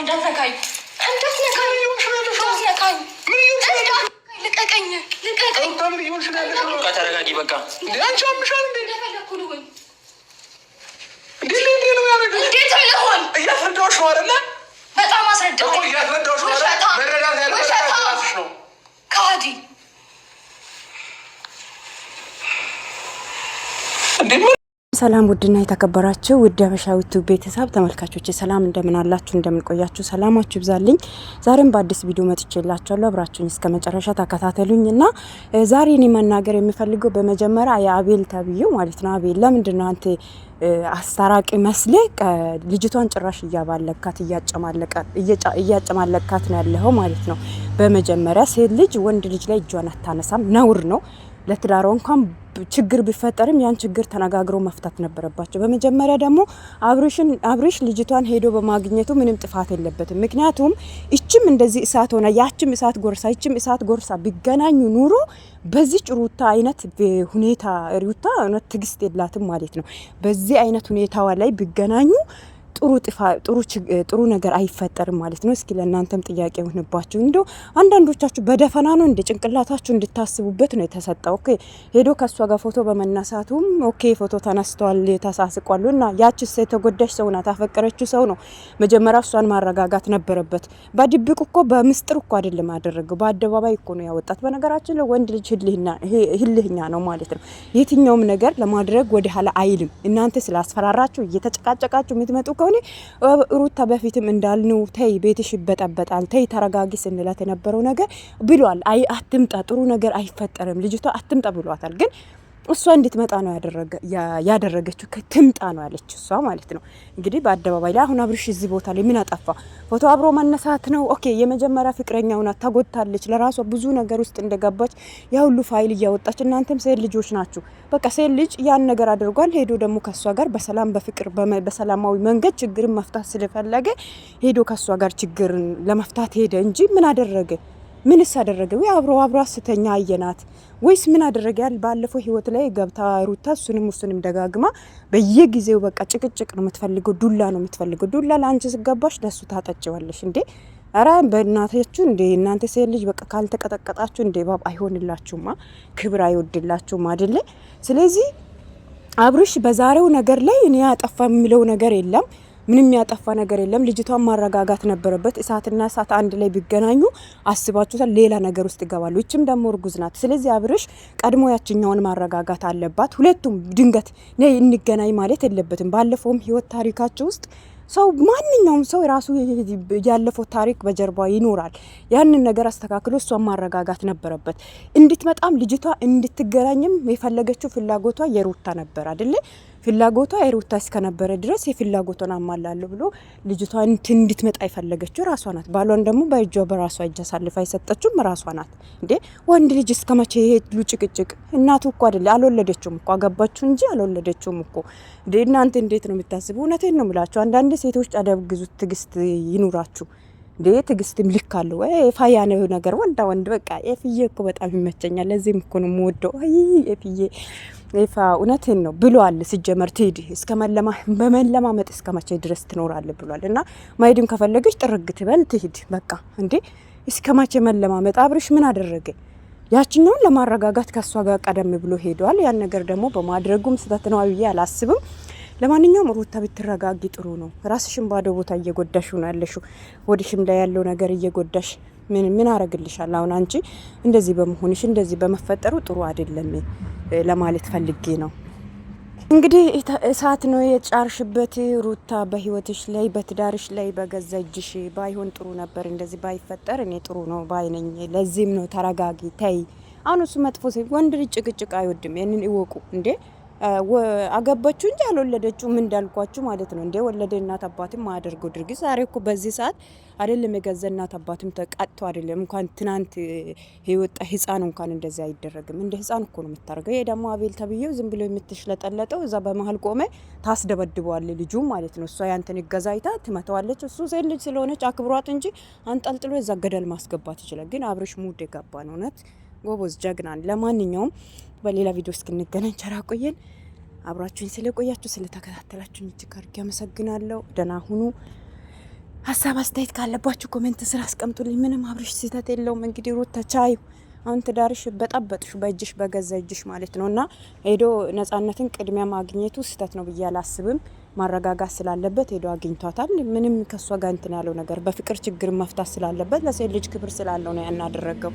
እንዳትነካኝ፣ እንዳትነካኝ፣ እንዳትነካኝ፣ ልቀቀኝ፣ ልቀቀኝ። ተረጋጊ፣ በቃ እያስረዳሁሽ ነው አይደለ? በጣም አስረዳሁሽ። እያስረዳሁሽ ነው አይደለ? መረዳት ያለብሽ ነው። ከሀዲ እንዴ ሰላም ውድና የተከበራችሁ ውድ አበሻዊቱ ቤተሰብ ተመልካቾች ሰላም እንደምን አላችሁ? እንደምን ቆያችሁ? ሰላማችሁ ይብዛልኝ። ዛሬም በአዲስ ቪዲዮ መጥቼላችኋለሁ። አብራችሁኝ እስከ መጨረሻ ተከታተሉኝ እና ዛሬ እኔ መናገር የሚፈልገው በመጀመሪያ የአቤል ተብዬው ማለት ነው። አቤል ለምንድን ነው አንተ አስታራቂ መስሌ ልጅቷን ጭራሽ እያባለካት እያጨማለካት ነው ያለኸው ማለት ነው። በመጀመሪያ ሴት ልጅ ወንድ ልጅ ላይ እጇን አታነሳም፣ ነውር ነው ለትዳሯ እንኳን ችግር ቢፈጠርም ያን ችግር ተነጋግሮ መፍታት ነበረባቸው። በመጀመሪያ ደግሞ አብርሽ ልጅቷን ሄዶ በማግኘቱ ምንም ጥፋት የለበትም። ምክንያቱም እችም እንደዚህ እሳት ሆነ ያችም እሳት ጎርሳ ይችም እሳት ጎርሳ ቢገናኙ ኑሮ በዚህ ሩታ አይነት ሁኔታ ሩታ ትግስት የላትም ማለት ነው። በዚህ አይነት ሁኔታዋ ላይ ቢገናኙ ጥሩ ጥፋ ጥሩ ጥሩ ነገር አይፈጠርም ማለት ነው። እስኪ ለእናንተም ጥያቄ ሆንባችሁ። እንደ አንዳንዶቻችሁ በደፈና ነው እንደ ጭንቅላታችሁ እንድታስቡበት ነው የተሰጠው። ኦኬ ሄዶ ከእሷ ጋር ፎቶ በመነሳቱም ኦኬ ፎቶ ተነስተዋል፣ ተሳስቋሉ እና ያቺ የተጎዳች ሰው ናት፣ ያፈቀረችው ሰው ነው። መጀመሪያ እሷን ማረጋጋት ነበረበት። በድብቅ እኮ በምስጥር እኮ አይደለም ያደረገው፣ በአደባባይ እኮ ነው ያወጣት። በነገራችን ላይ ወንድ ልጅ ህልህኛ ነው ማለት ነው። የትኛውም ነገር ለማድረግ ወደ ኋላ አይልም። እናንተ ስላስፈራራችሁ እየተጨቃጨቃችሁ የምትመጡ ስለሆነ ሩታ በፊትም እንዳልነው ተይ ቤትሽ ይበጠበጣል፣ ተይ ተረጋጊ ስንላት የነበረው ነገር ብሏል። አይ አትምጣ፣ ጥሩ ነገር አይፈጠርም፣ ልጅቷ አትምጣ ብሏታል ግን እሷ እንድትመጣ ነው ያደረገችው። ትምጣ ነው ያለች እሷ ማለት ነው። እንግዲህ በአደባባይ ላይ አሁን አብርሽ እዚህ ቦታ ላይ ምን አጠፋ? ፎቶ አብሮ መነሳት ነው። ኦኬ የመጀመሪያ ፍቅረኛው ናት፣ ተጎድታለች፣ ለራሷ ብዙ ነገር ውስጥ እንደገባች ያ ሁሉ ፋይል እያወጣች፣ እናንተም ሴት ልጆች ናችሁ። በቃ ሴት ልጅ ያን ነገር አድርጓል። ሄዶ ደግሞ ከእሷ ጋር በሰላም በፍቅር በሰላማዊ መንገድ ችግርን መፍታት ስለፈለገ ሄዶ ከእሷ ጋር ችግርን ለመፍታት ሄደ እንጂ ምን አደረገ? ምንስ አደረገ ወይ? አብሮ አብሮ አስተኛ አየናት ወይስ ምን አደረገ? ያል ባለፈው ህይወት ላይ ገብታ ሩታ እሱንም እሱንም ደጋግማ በየጊዜው በቃ ጭቅጭቅ ነው የምትፈልገው፣ ዱላ ነው የምትፈልገው። ዱላ ለአንቺ ስገባሽ ለሱ ታጠጭዋለሽ እንዴ? ኧረ በእናታችሁ እንዴ! እናንተ ሴት ልጅ በቃ ካልተቀጠቀጣችሁ እንዴ ባብ አይሆንላችሁማ፣ ክብር አይወድላችሁም አይደለ? ስለዚህ አብርሽ በዛሬው ነገር ላይ እኔ አጠፋ የሚለው ነገር የለም ምንም ያጠፋ ነገር የለም። ልጅቷን ማረጋጋት ነበረበት። እሳትና እሳት አንድ ላይ ቢገናኙ አስባችሁታል፣ ሌላ ነገር ውስጥ ይገባሉ። ይችም ደግሞ እርጉዝ ናት። ስለዚህ አብርሽ ቀድሞ ያችኛውን ማረጋጋት አለባት። ሁለቱም ድንገት ነይ እንገናኝ ማለት የለበትም። ባለፈውም ህይወት ታሪካችሁ ውስጥ ሰው ማንኛውም ሰው የራሱ ያለፈው ታሪክ በጀርባ ይኖራል። ያንን ነገር አስተካክሎ እሷን ማረጋጋት ነበረበት። እንድትመጣም ልጅቷ እንድትገናኝም የፈለገችው ፍላጎቷ የሩታ ነበር አደለ ፍላጎቷ የሩታ እስከነበረ ድረስ የፍላጎቷን አሟላለሁ ብሎ ልጅቷ እንድትመጣ የፈለገችው ራሷ ናት። ባሏን ደግሞ በእጇ በራሷ እጅ አሳልፋ የሰጠችውም ራሷ ናት። እንዴ ወንድ ልጅ እስከመቼ ይሄ ሁሉ ጭቅጭቅ? እናቱ እኮ አይደለ አልወለደችውም እኮ አገባችሁ እንጂ አልወለደችውም እኮ። እንዴ እናንተ እንዴት ነው የምታስቡ? እውነቴን ነው የምላችሁ። አንዳንድ ሴቶች ግዙት፣ ትግስት ይኑራችሁ። እንዴ ትግስት ልክ አለው። ፋያ ነው ነገር ወንዳ ወንድ በቃ ኤፍዬ እኮ በጣም ይመቸኛል። ለዚህም እኮ ነው የምወደው ኤፍዬ ይፋ እውነትን ነው ብሏል። ሲጀመር ትሄድ እስከ በመለማመጥ እስከ መቼ ድረስ ትኖራል ብሏል። እና ማሄድም ከፈለገች ጥርግ ትበል ትሂድ። በቃ እንዴ እስከ መቼ መለማመጥ? አብርሽ ምን አደረገ? ያችኛውን ለማረጋጋት ከእሷ ጋር ቀደም ብሎ ሄደዋል። ያን ነገር ደግሞ በማድረጉም ስህተት ነው ብዬ አላስብም። ለማንኛውም ሩታ ብትረጋጊ ጥሩ ነው። ራስሽን ባዶ ቦታ እየጎዳሽ ነው ያለሽው። ወዲሽም ላይ ያለው ነገር እየጎዳሽ ምን ምን አረግልሻል? አሁን አንቺ እንደዚህ በመሆንሽ እንደዚህ በመፈጠሩ ጥሩ አይደለም ለማለት ፈልጌ ነው። እንግዲህ እሳት ነው የጫርሽበት ሩታ፣ በህይወትሽ ላይ በትዳርሽ ላይ በገዛ እጅሽ ባይሆን ጥሩ ነበር። እንደዚህ ባይፈጠር እኔ ጥሩ ነው ባይነኝ። ለዚህም ነው ተረጋጊ፣ ተይ። አሁን እሱ መጥፎ ወንድ ልጅ ጭቅጭቅ አይወድም። ይህንን እወቁ እንዴ አገባችሁ እንጂ አልወለደችውም እንዳልኳችሁ ማለት ነው። እንደ ወለደ እናት አባትም ማያደርገው ድርጊት ዛሬ እኮ በዚህ ሰዓት አይደለም የገዛ እናት አባትም ተቃጥቶ አይደለም እንኳን ትናንት የወጣ ህፃን እንኳን እንደዚህ አይደረግም። እንደ ህፃን እኮ ነው የምታደርገው። ይሄ ደግሞ አቤል ተብዬው ዝም ብሎ የምትሽለጠለጠው እዛ በመሀል ቆመ ታስደበድበዋል ልጁ ማለት ነው። እሷ ያንተን ይገዛይታ ትመተዋለች። እሱ ሴት ልጅ ስለሆነች አክብሯት እንጂ አንጠልጥሎ እዛ ገደል ማስገባት ይችላል። ግን አብረሽ ሙድ የጋባ ነው እውነት ጎበዝ ጀግናን። ለማንኛውም በሌላ ቪዲዮ እስክንገናኝ ቸር ቆየን። አብራችሁኝ ስለቆያችሁ ስለተከታተላችሁኝ እጅግ አድርጌ አመሰግናለሁ። ደህና ሁኑ። ሀሳብ አስተያየት ካለባችሁ ኮሜንት ስራ አስቀምጡልኝ። ምንም አብርሽ ስህተት የለውም። እንግዲህ ሩት ተቻዩ አሁን ትዳርሽ በጠበጥሽ በእጅሽ በገዛ እጅሽ ማለት ነው እና ሄዶ ነጻነትን ቅድሚያ ማግኘቱ ስህተት ነው ብዬ አላስብም። ማረጋጋት ስላለበት ሄዶ አግኝቷታል። ምንም ከእሷ ጋር እንትን ያለው ነገር በፍቅር ችግር መፍታት ስላለበት ለሴት ልጅ ክብር ስላለው ነው ያናደረገው።